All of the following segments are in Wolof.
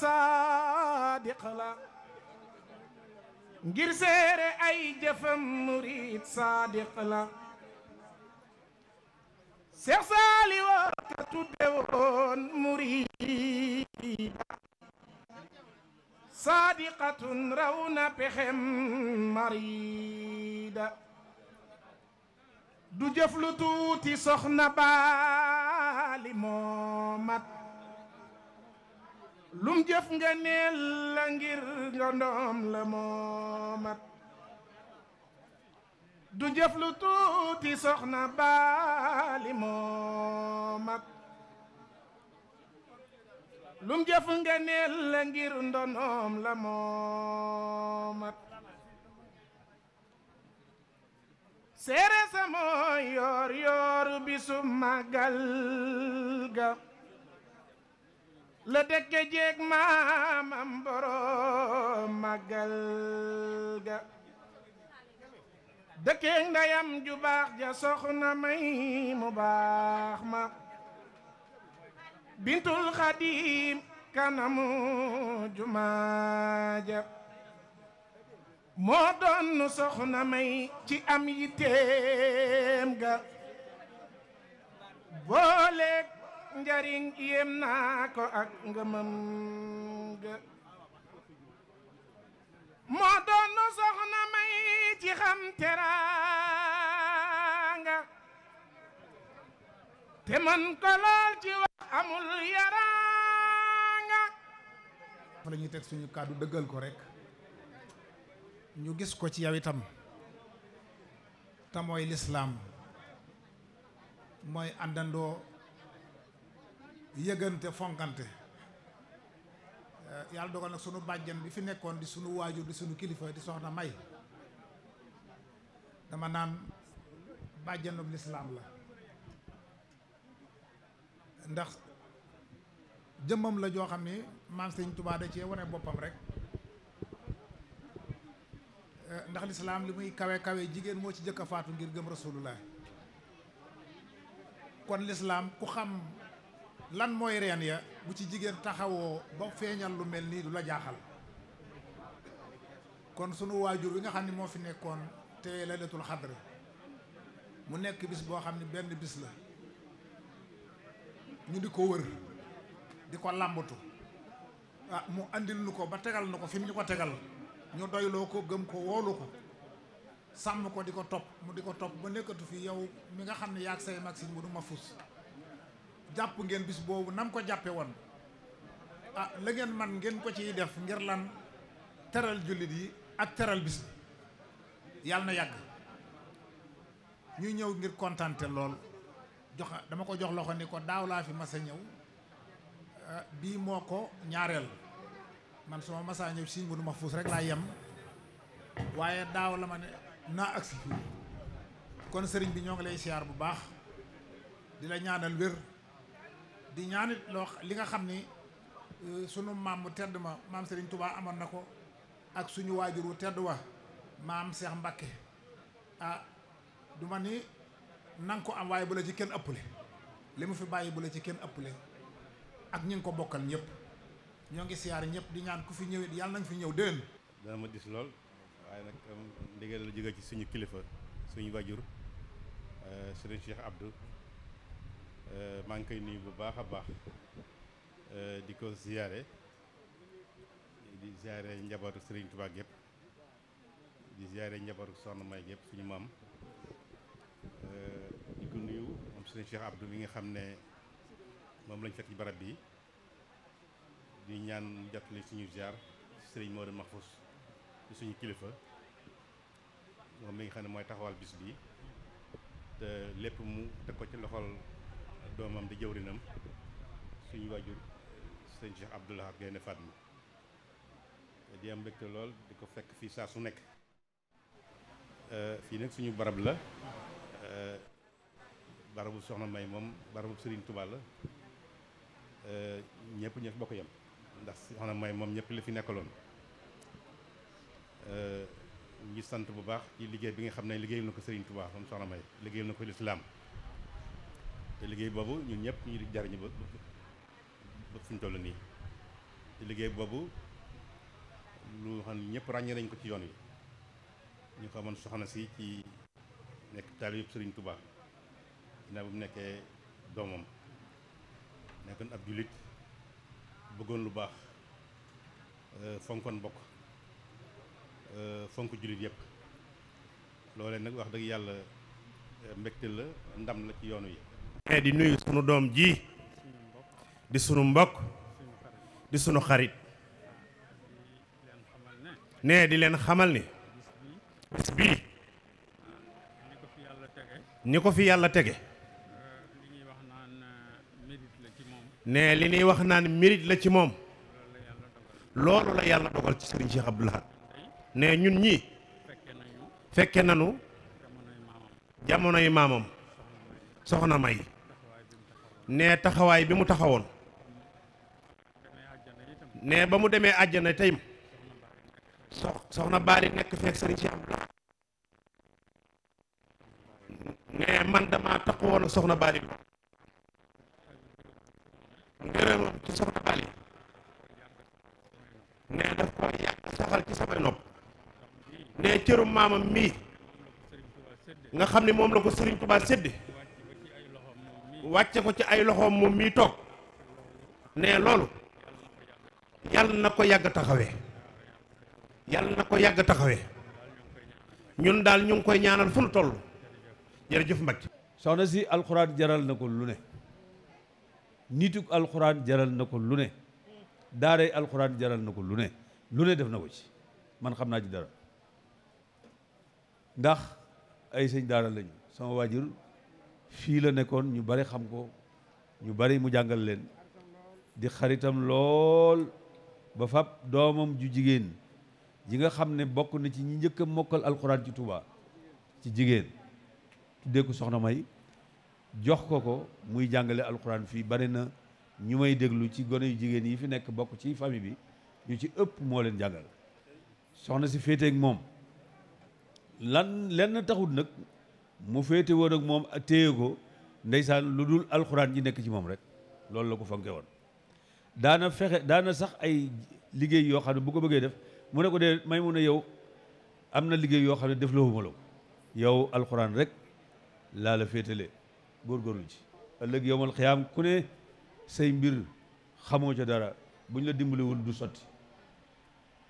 saadiq la ngir seere ay jëfam murid saadiq la saadiqatun raw na pexem marida du jëf tuuti soxna baali moomat lum jëf nga neel la ngir nga ndoom la moomat du jëf lu tuuti soxna baali moomat lum jëf nga neel la ngir ndonoom la moomat seere sa mooy yoor yoor bisu màggal ga la dëkke jeeg maamam borom màggal ga dëkkee ndeyam ju baax ja soxna may mu baax ma bintul xadim kanamu jumaa ja moo nu soxna may ci am yitteem ga booleeg njariñ yem naa ko ak ngëmëm ga moo doon soxna may ci xam teraanga te mën ko lool ci wax amul yaraanga fa la teg suñu kàddu dëggal ko rek ñu gis ko ci yow itam te mooy lislaam mooy àndandoo yëgante fonkante eh, yàlla dogal nag sunu bàjjan bi fi nekkoon di sunu waajur di sunu kilifa di soxna may dama naan bàjjanub lislaam la ndax jëmmam la joo xam ni maam sëñ Tuubaa da cee boppam rek eh, ndax lislaam li muy kawe kawe jigéen moo ci jëkk faatu ngir gëm rasulullah kon lislaam ku xam lan mooy reen ya bu ci jigéen taxawoo ba feeñal lu mel nii du la jaaxal kon sunu waajur wi nga xam ni moo fi nekkoon te laylatul xadr mu nekk bis boo xam ne benn bis la ñu di ko wër di ko làmbatu ah mu andil nu ko ba tegal nu ko fi mu ñu ko tegal ñu doyloo ko gëm ko woolu ko sàmm ko di ko topp mu di ko topp ba nekkatu fii yow mi nga xam ne yaag say mag si mu du ma fus jàpp ngeen bis boobu nam ko jàppe woon a ah, la ngeen man ngeen ko ciy def ngir lan teral jullit yi ak teral bis bi yàlla na yàgg ñu ñëw ngir kontante lool jox dama ko jox loxo ni ko daaw laa fi mas ñëw ah, bii moo ko ñaareel man suma masaa ñëw si ngunu ma fuus rek laa yem waaye daaw la ma ne naa agsi fii kon sëriñ bi ñoo ngi lay siyaar bu baax di la ñaanal wér di ñaanit loo li nga xam ni euh, sunu maam mu tedd ma maam Serigne Touba amoon na ko ak suñu waajur wu tedd wa maam Cheikh Mbacke ah du ma ni na ko am waaye bu la ci kenn ëppale li mu fi bàyyi bu la ci kenn ëppale ak ñu ngi ko bokkal ñëpp ñoo ngi siyaar ñëpp di ñaan ku fi ñëwit yàlla nañ fi ñëw déwén. dana ma dis lool waaye nag ndigal la jóge ci suñu kilifa suñu waajur euh, Serigne Cheikh Abdou. Euh, maa ngi koy nuyu bu baax a baax euh, di ko ziyaare di ziyaare njabootu sëriñ Touba gépp di ziyaare njabootu Soxna May gépp suñu maam euh, di ko nuyu moom Serigne Cheikh Abdou mi nga xam ne moom lañ fekk ci barab bi di ñaan mu jàppale suñu ziar Serigne Modou Mahfous di suñu kilifa moom mi nga xam ne mooy taxawal bis bi te lépp mu teg ko ci loxol. doomam di jëwrinam suñu wajur sëñ Cheikh Abdou Lahad Gaynde Fatma di am mbégte lool di ko fekk fii saa su nekk euh, fii nag suñu barab la euh, barabu soxna may moom barabu sëriñ tubaal la euh, ñëpp ñëpp bokk yam ndax soxna may moom ñëpp li fi nekkaloon ñu sant bu baax ci liggéey bi nga xam ne liggéeyal na ko Serigne tubaa moom soxna may liggéeyal na ko lislaam te liggéey boobu ñun ñëpp ñu di jariñu ba ba fuñ toll nii te liggéey boobu lu xam ñëpp ràññee nañ ko ci yoon wi ñu ko amoon soxna si ci nekk taalib Sëriñ Tuubaa ginnaaw bu mu nekkee doomam nekkoon ab jullit bëggoon lu baax euh, fonkoon bokk euh, fonk jullit yëpp loolee nag wax dëgg yàlla euh, mbégte la ndam la ci yoon wi mais eh, doom ji sunu mbokk di xarit nee di leen xamal ni ko fi yàlla tege nee li ñuy wax naan mérite la ci moom loolu la yàlla dogal ci sëriñ Cheikh Abdou Lahad nee ñun ñi fekke nanu jamonoy maamam soxna may nee taxawaay bi mu taxawoon nee ba mu demee àjjana tey sox soxna Baari nekk feek sëriñ si nee man dama taqu woon ak soxna Baari ci soxna Baari nee nga xam ne moom la ko sëriñ Tuubaa sédde wàcce ko ci ay loxoom moom mii toog ne loolu yàlla na ko yàgg taxawe yàlla na ko yàgg taxawe ñun daal ñu ngi koy ñaanal fu nu toll jërëjëf Mbacke soxna si alxuraan jaral na ko lu ne nituk alxuraan jaral na ko lu ne daaray alxuraan jaral na ko lu ne lu def na ko ci man xam naa ci dara ndax ay sëñ daara lañu sama waajur fii la nekkoon ñu bari xam ko ñu bari mu jàngal leen di xaritam lool ba fab doomam ju jigéen yi nga xam ne bokk na ci ñi njëkk a mokkal alxuraan ci Touba ci jigéen tuddee ko soxna may jox ko ko muy jàngale alxuraan fii bari na ñu may déglu ci gone yu jigéen yi fi nekk bokk ci famille bi ñu ci ëpp moo leen jàngal soxna si féete moom lan lenn taxut nag mu féete woon ak moom téye ko ndeysaan lu dul alxuraan ji nekk ci moom rek loolu la ko fanke woon daana fexe daana sax ay liggéey yoo xam ne bu ko bëggee def mu ne ko dee may mun a yow am na liggéey yoo xam ne def la huma la yow alxuraan rek laa la féetale góorgóorlu ci ëllëg yowmal xiyaam ku ne say mbir xamoo ca dara bu ñu la dimbaliwul du sotti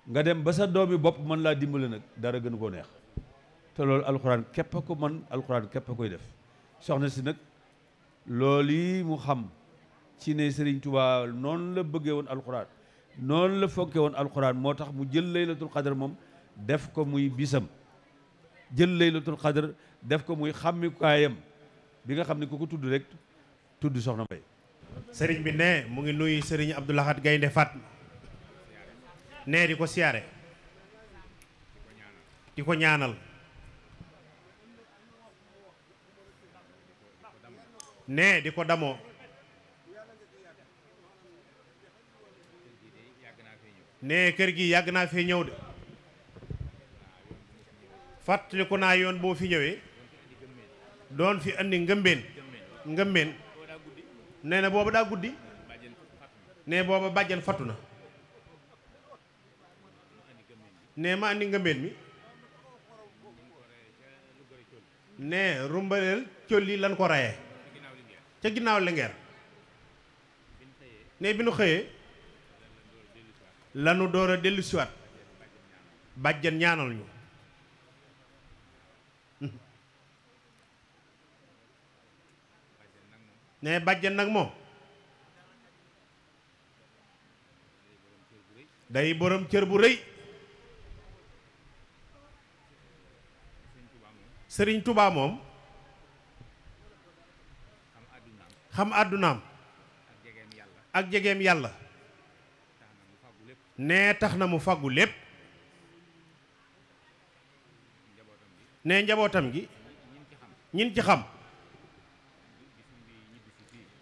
nga dem ba sa doomi bopp mën laa dimbali nag dara gënu koo neex te loolu alxuraan képp a ko mën alxuraan képp a koy def soxna si nag loolu yi mu xam ci ne Serigne Touba noonu la bëggee woon alxuraan noonu la fonkee woon alxuraan moo tax mu jël laylatul xadar moom def ko muy bisam jël laylatul xadar def ko muy xàmmikaayam bi nga xam ne ku ko tudd rek tudd soxna Mbay sëriñ bi ne mu ngi nuyu sëriñ Abdou Lahad Gaynde Fatma ne di ko siyaare di ko ñaanal ne di ko damoo ne kër gi yàgg naa fee ñëw de fàttaliku naa yoon boo fi ñëwee doon fi andi ngëmbeen ngëmbeen nee na booba daa guddi ne booba bàjjan fattu na ne ma andi ngëmbeen mi ne rumbaleel colli lan ko raye ca ginnaaw Linguère ne bi nu xëyee lanu door a dellu bàjjan ñaanal ñu ne bàjjan nag moom day borom cër bu rëy Sëriñ Tubaa moom xam àddunaam ak jegeem yàlla nee tax na mu fàggu lépp nee njabootam gi ñin ci xam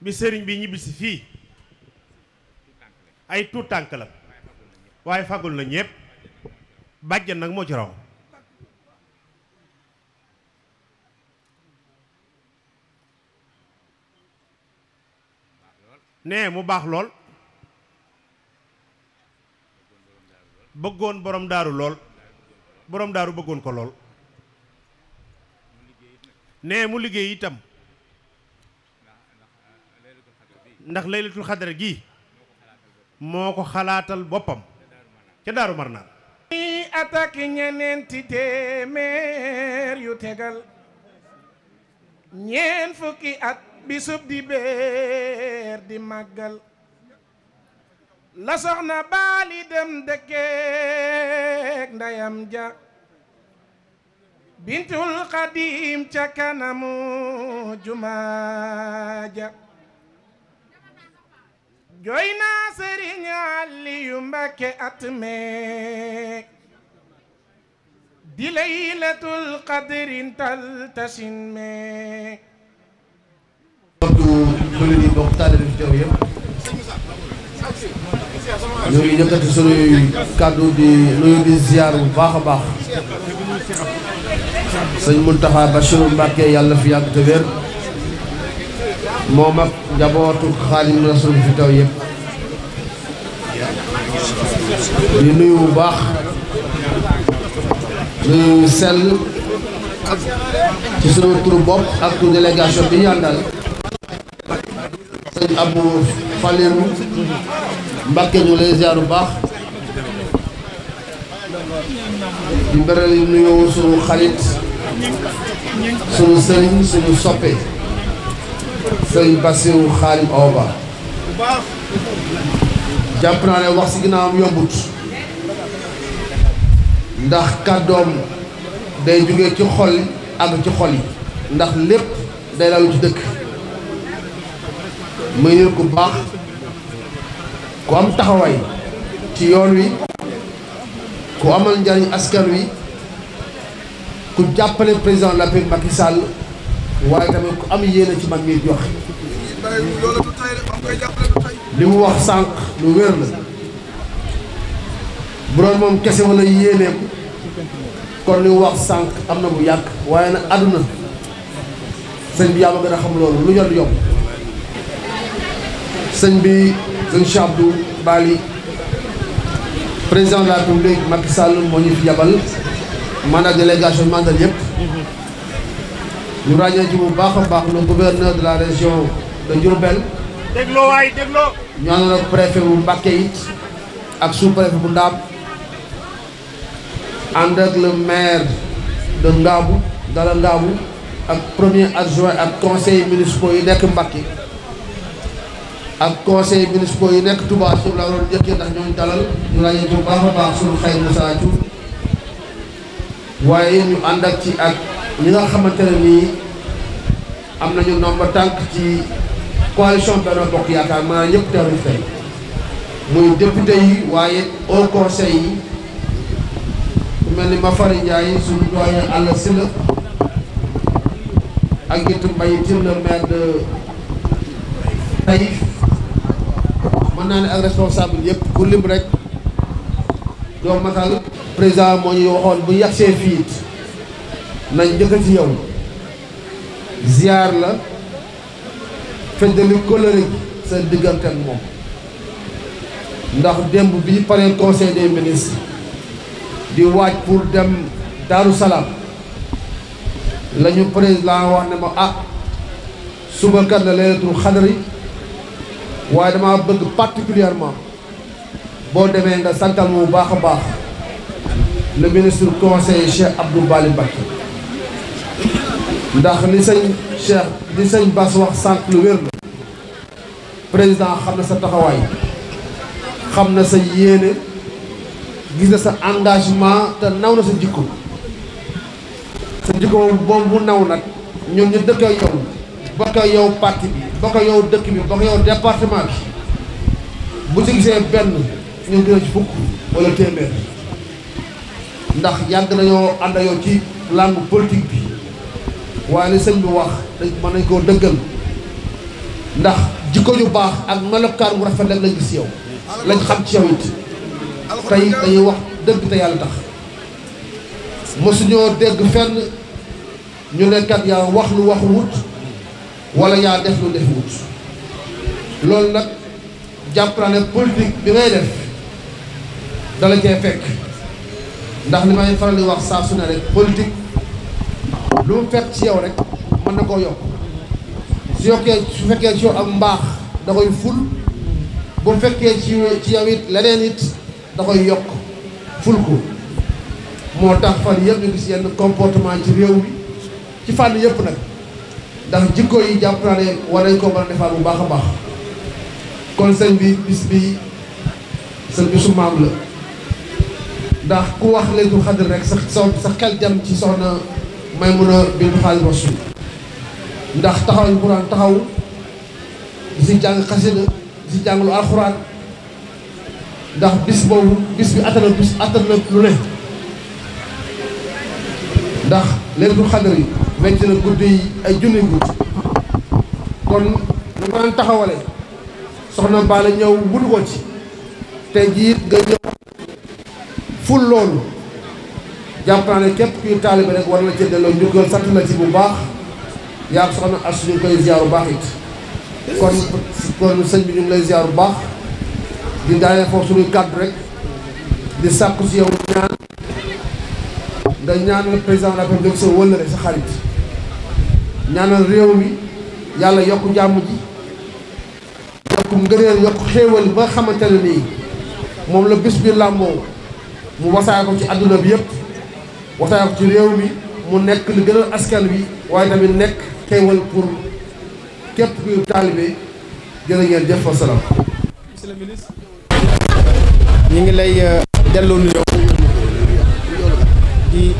bi sëriñ bi ñibbisi fii ay tuut tànk la waaye fagul na ñépp bàjjan nag moo ci raw nee mu baax lool bëggoon borom daaru lool borom daaru bëggoon ko lool nee mu liggéey itam ndax laylatul xadar gi moo ko xalaatal boppam ca daaru mar naan i attaque ñeneenti téeméer yu tegal bisub màggal la soxna baali dem dëkkeek ndeyam ja bintul xadim ca kanamu jumaa ja jooy naa sëriñ Aliyu at meek di laylatul qadrin tal tasin meek mbokk taalibe fi teew yëpp ñu ngi yëkkati suñuy kàddu di nuyu di ziar bu baax a baax sëñ Muntaxa Bachiru Mbàkke yàlla fi yàgg te moom ak njabootu Xaadimu Rasuul fi teew yëpp di nuyu bu baax nuyu sell ci sunu turu bopp ak turu délégation bi ñu àndal sëñ Abou Falilou bu baax di beral yu nuyoo suñu xarit suñu jàpp naa ne wax si ginnaawam yombut ndax kàddoom day jóge ci xol ak ci xol yi ndax lépp day lalu dëkk muy nit ku baax ku am taxawaay ci yoon wi ku amal njariñ askan wi ku jàppale président la paix Macky Sall waaye tamit ku am yéene ci man mii joxe li mu wax sànq mu wér la bu moom kese wala yéeneeku kon li mu wax sànq am na bu yàgg waaye nag àdduna sëñ bi yaa gën a xam loolu lu jot yomb sëñ bi sëñ Cheikh Abdou Bali président de la République Macky Sall moo yabal man ak délégation mandal yëpp ñu ràññee ci bu baax a baax le gouverneur de la région de Diourbel dégloo waay dégloo ñu bu Mbacké it ak sous-préfet bu Ndaam ànd ak le maire de Ngaabu Dala Ngaabu ak premier adjoint ak conseil municipal yi nekk Mbacké ak conseil municipal yi nekk Touba Sow laa doon jëkkee ndax ñooñu dalal ñu ràññee bu baax a baax suñu xay Moussa Diouf waaye ñu ànd ak ci ak ñi nga xamante ne nii am nañu nombre tànk ci coalition Benno Bokk Yaakaar maanaam ñëpp teewlu fay muy député yi waaye au conseil yi mel ni Mafari Ndiaye suñu doyen Alla Sylla ak it Mbaye Tine le mën naa ne ak responsable yëpp pour lim rek doo président moo ñuy waxoon bu yàgsee fii nañ njëkk ci yow ziar la feddali kóllëre sa diggante ak moom ndax démb bi paree conseil de ministres di waaj pour dem Daaru Salaam la ñu président wax ne ma ah suba kat la laylatul xadar waaye dama bëgg particulièrement boo demee nga santal mu baax a baax le ministre conseiller Cheikh Abdou Bali Mbacké ndax li sëñ Cheikh li sañ Bass wax sànq lu wér la président xam na sa taxawaay xam na sa yéene gis na sa engagement te naw na sa jikko sa jikko boobu bu naw nag ñun ñu dëkk ak ba ko yow parti bi ba ko yow dëkk bi ba ko yow département bi bu ci gisee benn ñu gën fukk wala téeméer ndax yàgg nañoo ànd yow ci langue politique bi waaye li sëñ bi wax dañ mën nañ koo dëggal ndax jikko ju baax ak melokaan bu rafet lañ gis yow lañ xam ci yow it tey dañuy wax dëgg te yàlla tax mosuñoo dégg fenn ñu ne yaa wax lu wax wut wala yaa def lu def wut loolu nag jàpp naa ne politique bi ngay def dala cee fekk ndax li may faral di wax saa su ne rek politique lu mu fekk ci yow rek mën na koo yokk su yokkee su fekkee ci yow ak mbaax da koy ful bu fekkee ci ci yow it leneen it da yokk ful ko moo tax fan yëpp ñu gis yenn comportement ci réew mi ci fànn yëpp nag ndax jikko yi jàpp naa ne war nañ koo mën a bu baax a baax kon sëñ bi bis bi sa bisu maam la ndax ku wax Laylatul Qadr rek sa sa xel jam ci soxna Maymuna bintu Xaadimu Rasuul ndax taxawuñ bu daan taxaw di si jàng xasida di si jàng lu alxuraan ndax bis boobu bis bi attan na bis attan lu ne ndax. leetu xadar yi nekk na guddi yi ay junni guddi kon lu ko daan taxawale soxna Balla ñëw wutu ko ci te jiit nga ñëw ful loolu jàpp naa ne képp kuy taalibe rek war na ci delloo njukkal sant na ci bu baax yaa soxna Astu ñu koy ziar bu baax it kon sëñ bi lay ziar bu baax di daanee foofu suñu kàddu rek di sàkku si yow nga ñaanal président la sa wëllëre réew mi yàlla yokk njàmm ji yokk ngëneel yokk xéewal ba xamante nii moom la bis bi làmboo mu wasaare ko ci àdduna bi yëpp wasaare ko ci réew mi mu nekk li gënal askan bi waaye tamit nekk xéewal pour képp kuy taalibe jërë ngeen jëf wa salaam. monsieur ngi lay euh, delloo nuyoo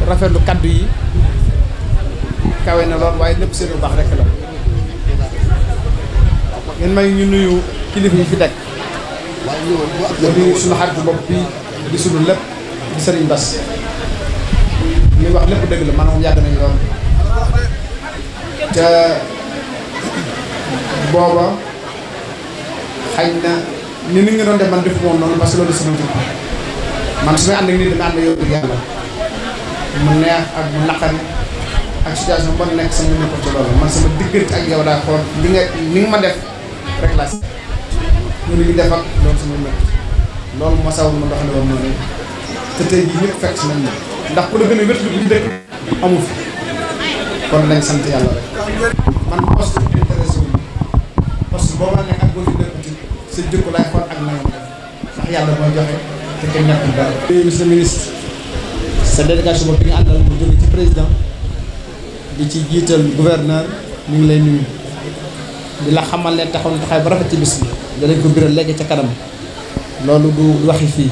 rafetlu kaddu yi kawe na lool waaye lépp seen bu baax rek la ngeen may ñu nuyu kilifa yi fi teg di nuyu suñu xarit bopp bi di suñu lépp di sëriñ Bass li wax lépp dëgg la maanaam yàgg nañ lool ca booba xañ na ni ni nga doon def man def moom noonu parce que loolu sama man su may ànd ak nii dama ànd yow yàlla mu neex ak mu naqari ak situation ba nekk sama nekkul ci loolu man sama diggante ak yow daa xool li nga li nga ma def rek laa si ñu li ñu def ak loolu moo sawul ma doxale woon noonu te tey jii si nañ ndax la gën a ma nekk ak boo fi dëkk ci sa xool ak na nga def ndax yàlla mooy joxe te kenn ñàkkul dara monsieur le ministre sa délégation boobu bi nga àndal mu jóge ci président di ci jiital gouverneur mu ngi lay nuyu di la xamal ne taxaw na taxaw ba rafet ci bis bi danañ ko biral léegi ca kanam loolu du waxi fii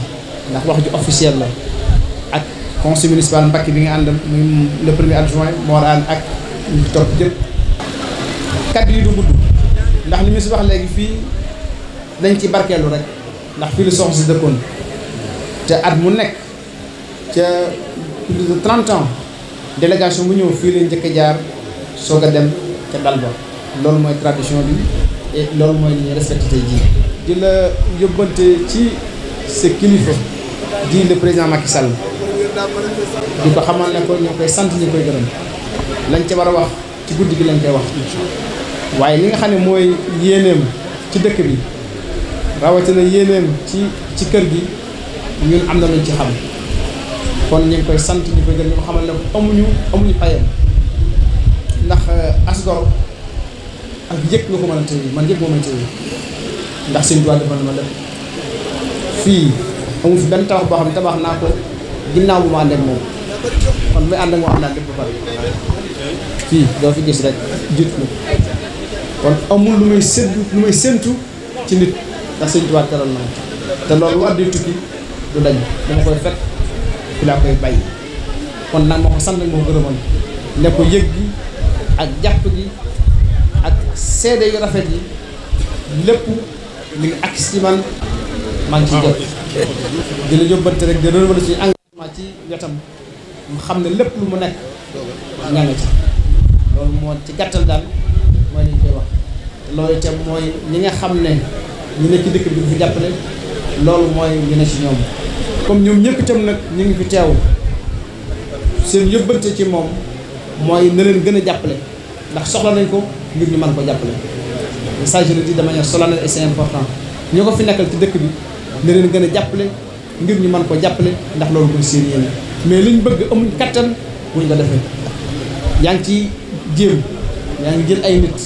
ndax wax ju officiel la ak conseil municipal Mbacké bi nga àndal muy le premier adjoint moral ak ñu topp jëpp kaddu yi du gudd ndax li mu si wax léegi fii dañ ci barkeelu rek ndax fii lu soxna si dëkkoon te at mu nekk ca plus de 30 délégation bu ñëw fii la njëkk a jaar soog a dem ca dal ba loolu mooy tradition bi loolu mooy li ñuy respecté jii. di la yóbbante ci sa kilifa di le président Macky Sall di ko xamal ne ko ñoo koy sant ñi koy gërëm lañ ca war a wax ci guddi gi lañ koy wax waaye li nga xam ne mooy yéeneem ci dëkk bi rawatina yéeneem ci ci kër gi ñun am na luñ ci xam. kon ñu ngi koy sant ñu koy gën ñu xamal amuñu amuñu payam ndax euh, asgor ak yëg nga ko mën a téye man yëg moo may téye ndax seen duwaa defal ma lépp fii amu boo xam ne tabax naa ko ginnaaw bu ma ànd ak moom kon muy ànd ak am naa lépp ba fii doo fi gis rek jiitu na kon amul lu may séntu lu may séntu ci nit ndax seen duwaa teral te loolu wax addi tukki du dañ dama koy fekk fi laa koy bàyyi kon nag ma ko sant ma ko gërëmoon ne ko jàpp gi ak seede yu rafet yi lépp li ngi ak man maa ngi rek di renouveler suñu engagement ci xam ne lépp lu mu nekk ña nga ci loolu moo ci gàttal daal mooy li ñu koy wax te loolu mooy ñi nga xam ne ñu ne loolu mooy ñu ci ñoom comme ñoom ñëpp itam nag ñu ngi fi teew seen yóbbante ci moom mooy na leen gën a jàppale ndax soxla nañ ko ngir ñu mën ko jàppale ça je le dis de manière solennelle et c'est important ñu ko fi nekkal ci dëkk bi na leen gën a jàppale ngir ñu mën ko jàppale ndax loolu mooy seen yéene mais liñ bëgg amuñ kattan buñ ko defee yaa ngi ci jéem yaa ngi jël ay nit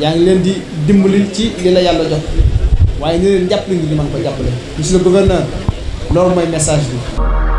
yaa ngi leen di dimbali ci li la yàlla jox waaye na leen jàppale ngir ñu mën ko jàppale monsieur le gouverneur lool mooy message bi.